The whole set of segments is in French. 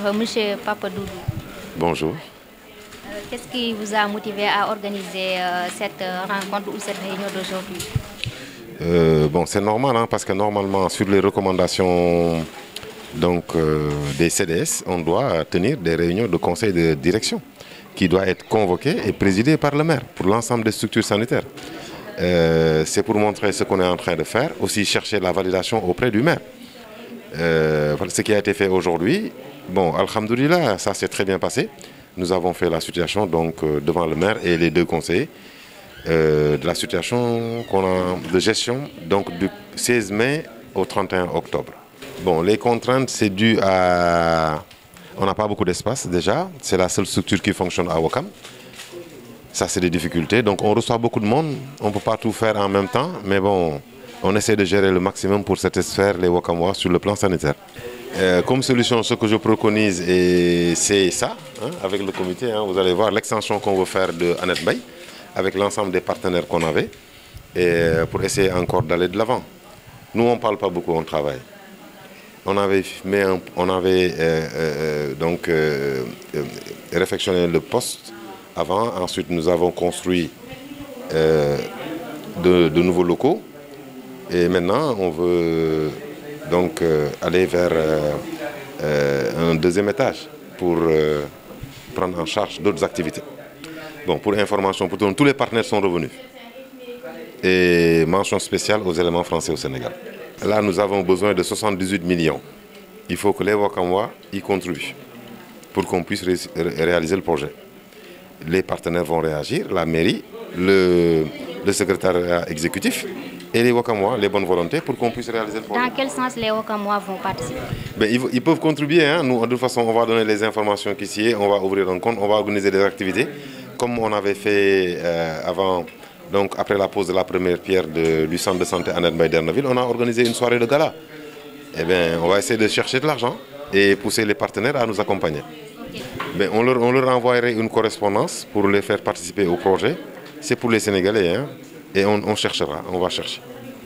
Bonjour, euh, Monsieur Doudou. Bonjour. Euh, qu'est-ce qui vous a motivé à organiser euh, cette rencontre ou cette réunion d'aujourd'hui Bon, c'est normal, hein, parce que normalement, sur les recommandations donc, des CDS, on doit tenir des réunions de conseil de direction qui doit être convoquée et présidée par le maire pour l'ensemble des structures sanitaires. c'est pour montrer ce qu'on est en train de faire, aussi chercher la validation auprès du maire. ce qui a été fait aujourd'hui Bon, Alhamdoulilah, ça s'est très bien passé. Nous avons fait la situation donc, euh, devant le maire et les deux conseillers euh, de la situation de gestion donc, du 16 mai au 31 octobre. Bon, les contraintes, c'est dû à... On n'a pas beaucoup d'espace déjà. C'est la seule structure qui fonctionne à Wakam. Ça, c'est des difficultés. Donc, on reçoit beaucoup de monde. On ne peut pas tout faire en même temps. Mais bon, on essaie de gérer le maximum pour satisfaire les Wakamois sur le plan sanitaire. Euh, comme solution, ce que je préconise, c'est ça, hein, avec le comité. Hein, vous allez voir l'extension qu'on veut faire de Annette Bay, avec l'ensemble des partenaires qu'on avait, euh, pour essayer encore d'aller de l'avant. Nous, on ne parle pas beaucoup, on travaille. On avait, mais on avait euh, donc réfectionné le poste avant. Ensuite, nous avons construit de nouveaux locaux. Et maintenant, on veut donc euh, aller vers euh, euh, un deuxième étage pour prendre en charge d'autres activités. Bon, pour information, pour tous les partenaires sont revenus. Et mention spéciale aux éléments français au Sénégal. Là, nous avons besoin de 78 millions. Il faut que les Wakamwa y contribuent pour qu'on puisse réaliser le projet. Les partenaires vont réagir, la mairie, le, le secrétariat exécutif, et les Wakamois, les bonnes volontés, pour qu'on puisse réaliser le projet. Dans quel sens les Wakamois vont participer ben, ils, peuvent contribuer. Hein. Nous, de toute façon, on va donner les informations qui s'y est, on va ouvrir un compte, on va organiser des activités, comme on avait fait euh, avant, donc après la pose de la première pierre de, du centre de santé Annette Baïderneville, on a organisé une soirée de gala. Eh ben, on va essayer de chercher de l'argent et pousser les partenaires à nous accompagner. Ben, on, leur, envoyerait une correspondance pour les faire participer au projet. C'est pour les Sénégalais. Hein. et on, on cherchera, on va chercher.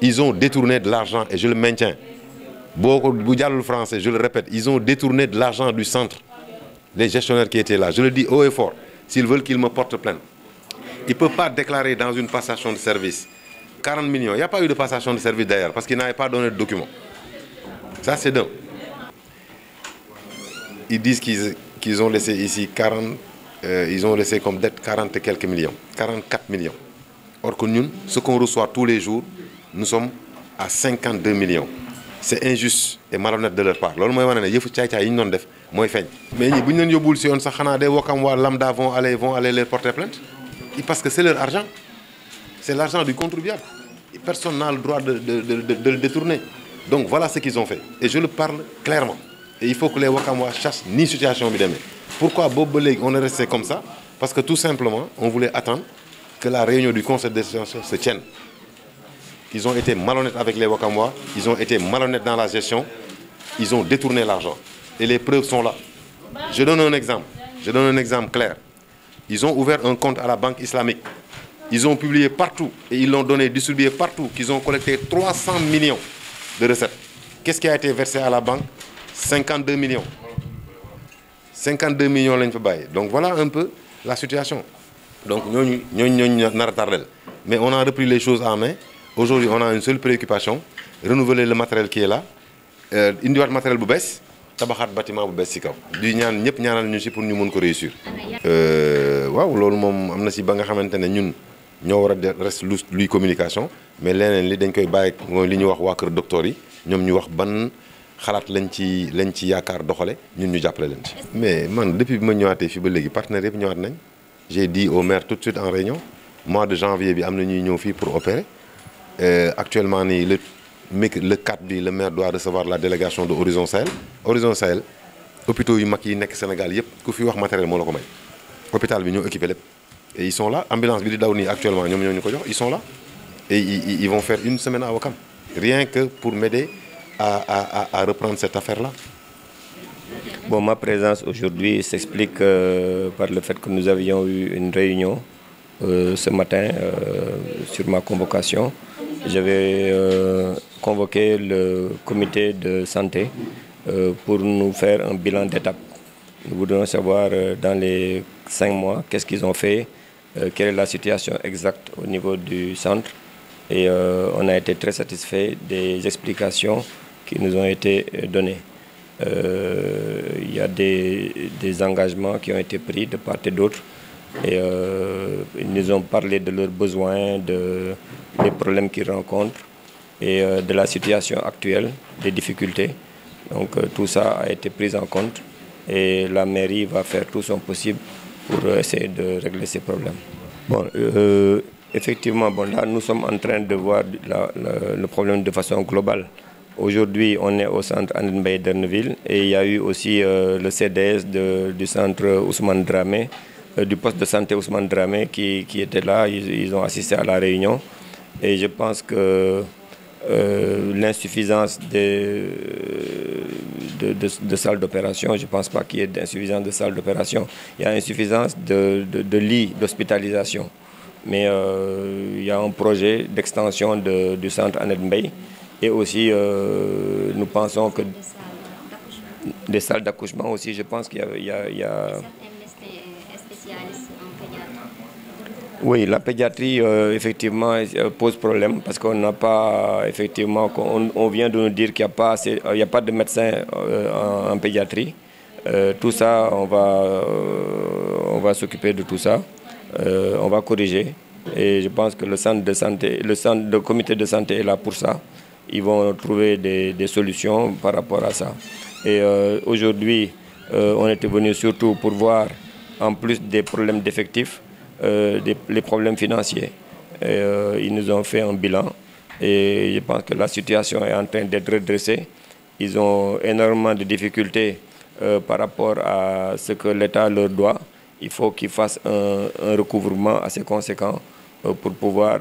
ils ont détourné de l'argent et je le maintiens. Beaucoup de français, je le répète, ils ont détourné de l'argent du centre. Les gestionnaires qui étaient là, je le dis haut et fort, s'ils veulent qu'ils me portent plainte. Ils ne peuvent pas déclarer dans une passation de service 40 millions. Il n'y a pas eu de passation de service d'ailleurs parce qu'ils n'avaient pas donné de documents. Ça, c'est dingue. Ils disent qu'ils ont laissé ici 40, euh, ils ont laissé comme dette 40 quelques millions, 44 millions. Or que nous, ce qu'on reçoit tous les jours, nous sommes à 52 millions c'est injuste et malhonnête de leur part c'est ce wane ne veux dire, mais ils bu ñu des si on sax lambda vont aller vont aller leur porter plainte parce que c'est leur argent c'est l'argent du contribuable personne n'a le droit de le détourner donc voilà ce qu'ils ont fait et je le parle clairement et il faut que les Wakamwa ne chassent ni situation pourquoi Bob on est resté comme ça parce que tout simplement on voulait attendre que la réunion du conseil Sciences se tienne ils ont été malhonnêtes avec les Wakamois, ils ont été malhonnêtes dans la gestion, ils ont détourné l'argent. Et les preuves sont là. Je donne un exemple. Je donne un exemple clair. Ils ont ouvert un compte à la Banque islamique. Ils ont publié partout et ils l'ont donné, distribué partout, qu'ils ont collecté 300 millions de recettes. Qu'est-ce qui a été versé à la banque 52 millions. 52 millions de Donc voilà un peu la situation. Donc nous, Mais on a repris les choses en main. Aujourd'hui, on a une seule préoccupation, renouveler le matériel qui est là, euh, individuel matériel bu bees, tabaxat bâtiment bu bees ci kaw. di ñaan ñëpp ñaanal ñu ci pour ñu mën ko réussir. Euh, waaw loolu moom am na ci ba nga xamante ne ñun ñoo war a reste lu luy communication mais leneen li dañ koy bàyyi mooy li ñu wax waa kër docteur yi ñoom ñu wax ban xalaat lañ ci lañ ci yaakaar doxale ñun ñu jàppale leen ci. mais man depuis bi ma ñëwaatee fii ba léegi partenaires yëpp ñëwaat nañ j'ai dit au maire tout de suite en réunion mois de janvier bi am na ñuy ñëw fii pour opérer. Euh, actuellement le 4 le maire doit recevoir la délégation de Horizon Sahel Horizon Sahel hôpitaux yu mak yi nek Sénégal yépp ku fi wax matériel mo hôpital bi équipé et ils sont là ambulance bi di daw actuellement ils sont là et ils vont faire une semaine à Wakam. rien que pour m'aider à, à, à, reprendre cette affaire-là. Bon, ma présence aujourd'hui s'explique euh, par le fait que nous avions eu une réunion euh, ce matin sur ma convocation j'avais euh, convoqué le comité de santé euh, pour nous faire un bilan d'étape. Nous voudrions savoir euh, dans les cinq mois qu'est-ce qu'ils ont fait, quelle est la situation exacte au niveau du centre. Et on a été très satisfait des explications qui nous ont été données. Il y a des, des, engagements qui ont été pris de part et d'autre. Et ils nous ont parlé de leurs besoins, de, des problèmes qu'ils rencontrent et euh, de la situation actuelle, des difficultés. Donc euh, tout ça a été pris en compte et la mairie va faire tout son possible pour euh, essayer de régler ces problèmes. Bon, effectivement, bon, là nous sommes en train de voir le problème de façon globale. Aujourd'hui, on est au centre Andenbay et il y a eu aussi le CDS du centre Ousmane Dramé, du poste de santé Ousmane Dramé qui, était là. ils, ont assisté à la réunion. Et je pense que euh, l'insuffisance euh, de, de, salles d'opération, je ne pense pas qu'il y ait d'insuffisance de salles d'opération. Il y a insuffisance de, lits d'hospitalisation. Mais euh, il y a un projet d'extension du centre Annette Et aussi, nous pensons que des salles d'accouchement aussi, je pense qu'il y a Oui, la pédiatrie euh, effectivement euh, pose problème parce qu'on n'a pas effectivement on, vient de nous dire qu'il n'y a pas euh, a pas de médecin en, pédiatrie. tout ça, on va, on va s'occuper de tout ça. on va corriger. Et je pense que le centre de santé, le centre, comité de santé est là pour ça. Ils vont trouver des, solutions par rapport à ça. Et aujourd'hui, on était venu surtout pour voir, en plus des problèmes d'effectifs, euh, les problèmes financiers. Euh, ils nous ont fait un bilan et je pense que la situation est en train d'être redressée. Ils ont énormément de difficultés euh, par rapport à ce que l'État leur doit. Il faut qu'ils fassent un, recouvrement assez conséquent pour pouvoir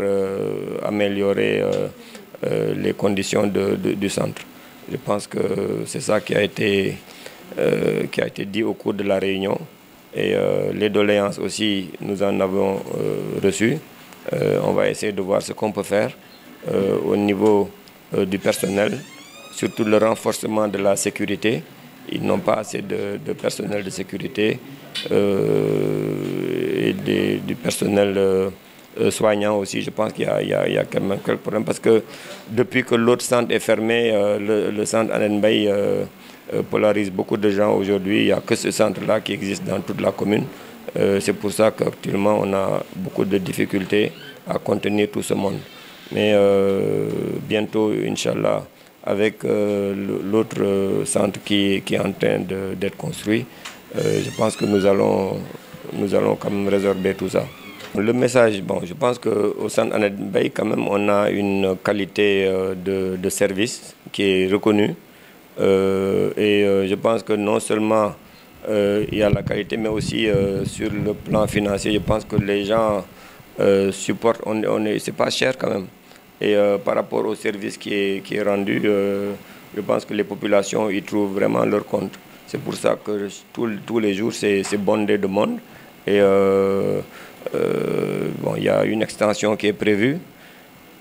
améliorer les conditions du centre. Je pense que c'est ça qui a été, qui a été dit au cours de la réunion. Et euh, les doléances aussi, nous en avons reçues. reçu. Euh, on va essayer de voir ce qu'on peut faire euh, au niveau du personnel, surtout le renforcement de la sécurité. Ils n'ont pas assez de, personnel de sécurité et du personnel soignant aussi, je pense qu'il y, a quand même quelques problèmes parce que depuis que l'autre centre est fermé, le, centre centre Euh, euh, polarise beaucoup de gens aujourd'hui. Il n'y a que ce centre-là qui existe dans toute la commune. Euh, c'est pour ça qu'actuellement, on a beaucoup de difficultés à contenir tout ce monde. Mais euh, bientôt, Inch'Allah, avec l'autre centre qui, est en train d'être construit, je pense que nous allons, nous allons quand même résorber tout ça. Le message, bon, je pense qu'au centre Anad Bay, quand même, on a une qualité de, de service qui est reconnue. Euh, et euh, je pense que non seulement euh, il y a la qualité, mais aussi sur le plan financier, je pense que les gens supportent, on, on c'est pas cher quand même. Et par rapport au service qui est, rendu, je pense que les populations y trouvent vraiment leur compte. C'est pour ça que tous les jours, c'est bondé de monde. Et il y a une extension qui est prévue.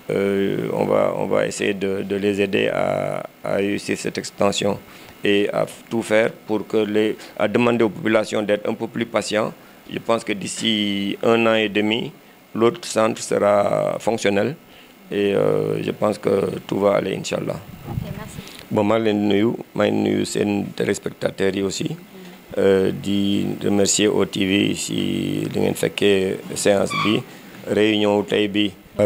Euh, on, va, on va essayer de, les aider à, réussir cette extension et à tout faire pour que les, à demander aux populations d'être un peu plus patients. Je pense que d'ici un an et demi, l'autre centre sera fonctionnel et euh, je pense que tout va aller, Inch'Allah. Bon, aussi Je euh, OTV si séance réunion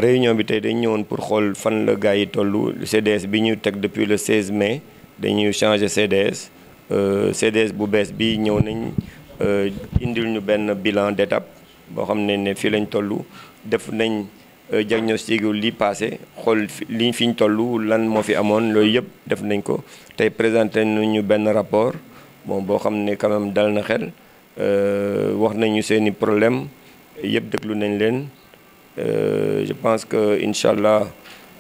réunion bi tay dañ ñëwoon pour xool fan la gars yi toll CDS bi ñu teg depuis le 16 mai dañuy changer CDS euh, CDS bu bees bi ñëw nañ euh, indil ñu benn bilan d'étape boo xam ne ne fii lañ toll def nañ euh, diagnostic li passé xool liñ fiñ ñu toll lan moo fi amoon loolu yëpp def nañ ko tey présenté nañu benn rapport bon boo xam ne quand même dal na xel euh, wax nañu seeni problème yëpp déglu nañ leen euh, je pense que incha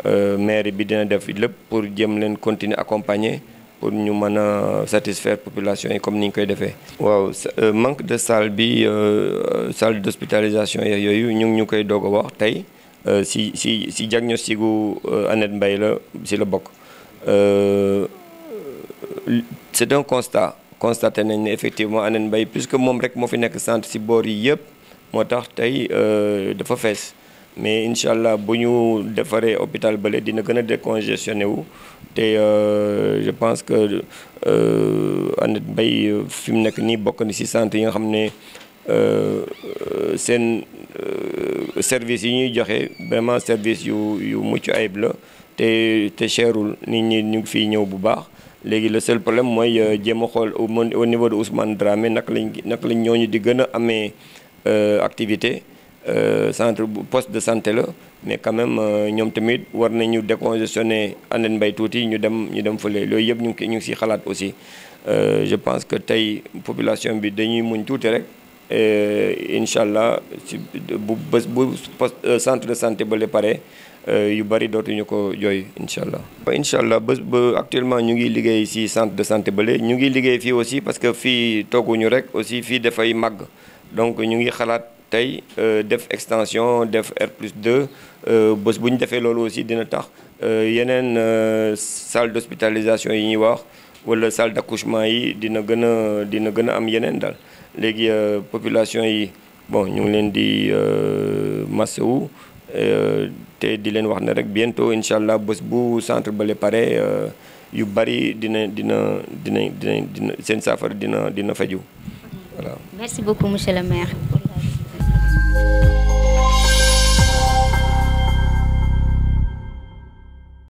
euh, maire bi dina def lépp pour jëm leen continuer accompagner pour ñu mën a satisfaire population yi comme ni ñu koy defee. waaw euh, manque de salle bi euh, salle d'hospitalisation yooyu ñu ngi ñu koy doog a wax tey si si si diagnostic gu Annette Mbaye la si la bokk c'est un constat constaté nañ ne effectivement Annette Mbaye puisque moom rek moo fi nekk centre si boor yi yëpp moo tax tey dafa fees mais inchallah buñu défaré hôpital bële dina gën décongestionné wu te euh, je pense que euh Mbaye bay euh, mu nekk nii bokk ni ci centre yi nga xamné euh, euh sen service yi ñuy joxé vraiment service yu yu muccu ayib la té té cherul nit ñi ñu fi ñëw bu baax légui le seul problème moy jéem xol au niveau de Ousmane Dramé nak lañ nak lañ ñooñu di gëna amé euh activité euh, centre poste de santé là mais quand même euh, ñom tamit war nañu décongestionner anen bay touti ñu dem ñu dem feulé loolu yeb ñu ngi ñu ngi siy xalaat aussi euh, je pense que tay population bi dañuy muñ touti rek euh, inshallah si bu bés bu poste centre de santé ba paré euh, yu bëri dootuñu ko joy inshallah inshallah incha allah actuellement ñu ngi liggéey ci centre de santé bële ñu ngi liggéey fi aussi parce que fii tooguñu rek aussi fii dafay mag donc ñu ngi xalat tey euh, def extension def R plus 2 euh, bés bu ñu defee loolu aussi dina tax euh, yenen salle d'hospitalisation yi ñi wax wala salle d'accouchement yi dina gëna dina gëna am yenen dal légui population yi bon ñu ngi leen di massawu té di leen wax ne rek bientôt incha bëss bu centre bale pare yu bari dina dina dina dina dina seen saafara dina dina faju voilà merci beaucoup monsieur le maire